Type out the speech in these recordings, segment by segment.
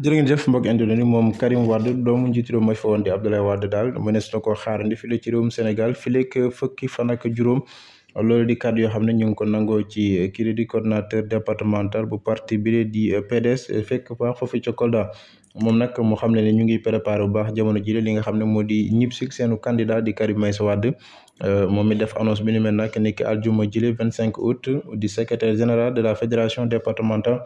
jërë ngeen jëf mbokk internet moom Karim Wade doomu njiitu réew ma fi woon di Abdoulaye Wade daal mënees na koo xaarandi fii la ci réewum Sénégal fii lekk fukki fan ak juróom loolu di kàddu yoo xam ne ñu ngi ko nangoo ci kii di coordonnateur départemental bu parti bi di PDS fekk baax foofu ca Kolda moom nag mu xam ne ne ñu ngi préparé bu baax jamono jii li nga xam ne moo di ñib si seenu candidat di Karim Meïssa Wade euh, moom mi def annonce bi ni mel nag nekk aljuma jile 25 août di secrétaire général de la fédération départementale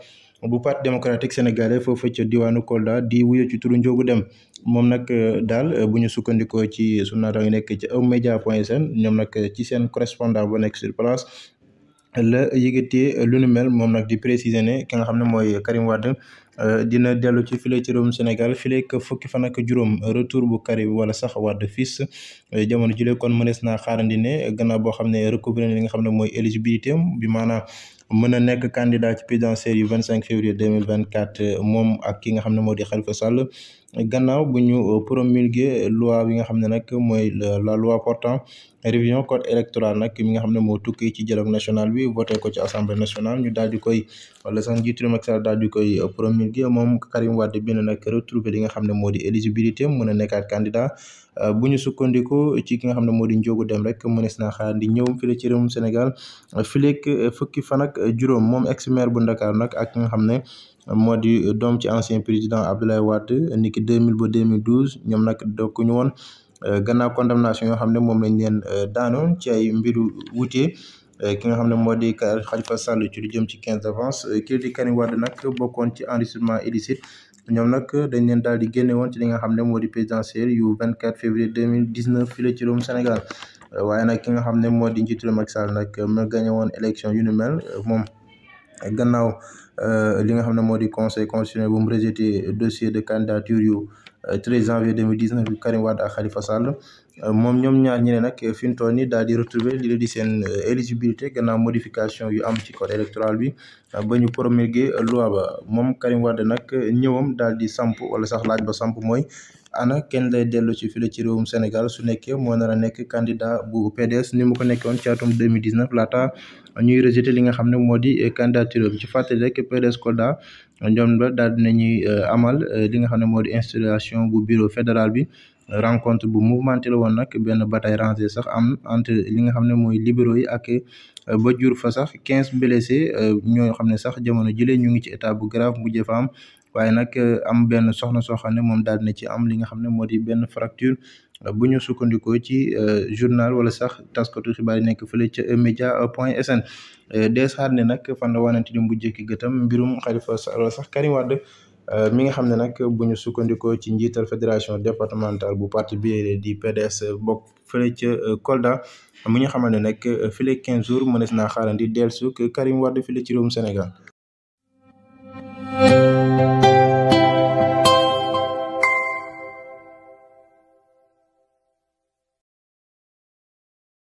bu parti démocratique sénégalais foofu ca diwaanu Kolda di wuyu ci turu Ndiogou Dème moom nag euh, daal euh, bu ñu sukkandikoo ci sunu naataango nekk ci emedia point sn ñoom nag euh, ci seen correspondant ba nekk sur place la yëgatee lu nu mel moom nag di préciser ne ki nga xam ne mooy Karim Wade dina dellu ci file ci réewum Sénégal file que fukki fan ak juróom retour bu Karim wala sax Wade fils jamono jule kon mënees naa xaarandi ne gannaaw boo xam ne recouvrer li xam ne mooy éligibilité mën a nekk candidat ci présidentielle yu vingt cinq février deux mille vingt quatre moom ak ki nga xam ne moo di Khalifa Sall gannaaw bu ñu euh, promulgué loi bi nga xam ne nag mooy la loi portant révision code électoral nag mi nga xam ne moo tukkee ci dialogue national bi voté ko ci assemblée nationale ñu daal di koy wala sax njiitu Macky Sall daal di koy euh, promulgué moom Karim Wade bi nag retrouvé li nga xam ne moo di éligibilité mën a nekkaat candidat euh, bu ñu sukkandiku ci ki nga xam ne moo di Ndiogou Dème rek mënees naa xaar di ñëw fii ci réewum Sénégal fii fukki fan ak juróom moom ex maire bu Ndakaar nag ak nga xam ne. moo di doom ci ancien président Abdoulaye waat ni ki mille ba 2012 ñoom nag dokkuñu woon euh, gannaaw condamnation yoo xam ne moom lañ leen euh, daano ci ay mbiru wuute euh, ki nga xam ne moo di Khalifa Sall ci lu jëm ci 15 avance kii di Karim Wade nag bokkoon ci enrichissement illicite ñoom nag dañ neen daal di génne woon ci li nga xam ne moo di présidentielle yu 24 février 2019 fii la ci réewum Sénégal waaye nag ki nga xam ne moo di njiitu Macky Sall nag ma gagné woon élection yu ni mel moom. gannaaw euh, li nga xam ne moo di conseil constitutionnel bu mu rejeté dossier de candidature yu 13 euh, janvier 2019 yu Karim Wade ak Khalifa Sall euh, moom ñoom ñaar ñi ne nag fi mu toll nii daal di retrouver li di seen éligibilité gannaaw modification yu am ci code électoral bi ba ñu promulgué loi ba moom Karim Wade nag ñëwam daal di samp wala sax laaj ba samp mooy ana kenn lay dellu ci fii la ci réewum Sénégal su nekkee moo nar a nekk candidat bu PDS ni mu ko nekkoon ci atum 2019 laata ñuy rejeté li nga xam ne moo di euh, candidature ci fàttali rek PDS Kolda ñoom la daal dinañuy euh, amal euh, li nga xam ne moo di installation bu bureau fédéral bi rencontre bu mouvementé la woon nag benn bataille rangé sax am entre li nga xam ne mooy libéro yi ak ba jur fa sax quinze blessés ñoo xam ne sax jamono jëlee ñu ngi ci état bu grave mujjee fa am waaye nag eh, am benn soxna soo xam ne moom daal na ci am li nga xam ne moo di benn fracture eh, bu ñu sukkandikoo ci eh, journal wala sax taskatu xibaar yi nekk fële ca média point sn des xaar ne nag fan la wanante ni bu jëkki gëtam mbirum Khalifa Sall sax Karim Wade mi nga xam ne nag bu ñu sukkandikoo ci njiital fédération départementale bu parti bi di PDS bokk fële ca Kolda mu ñu xamal ne nag file 15 jours mënees naa xaarandi dellu suk Karim Wade file ci réewum Sénégal.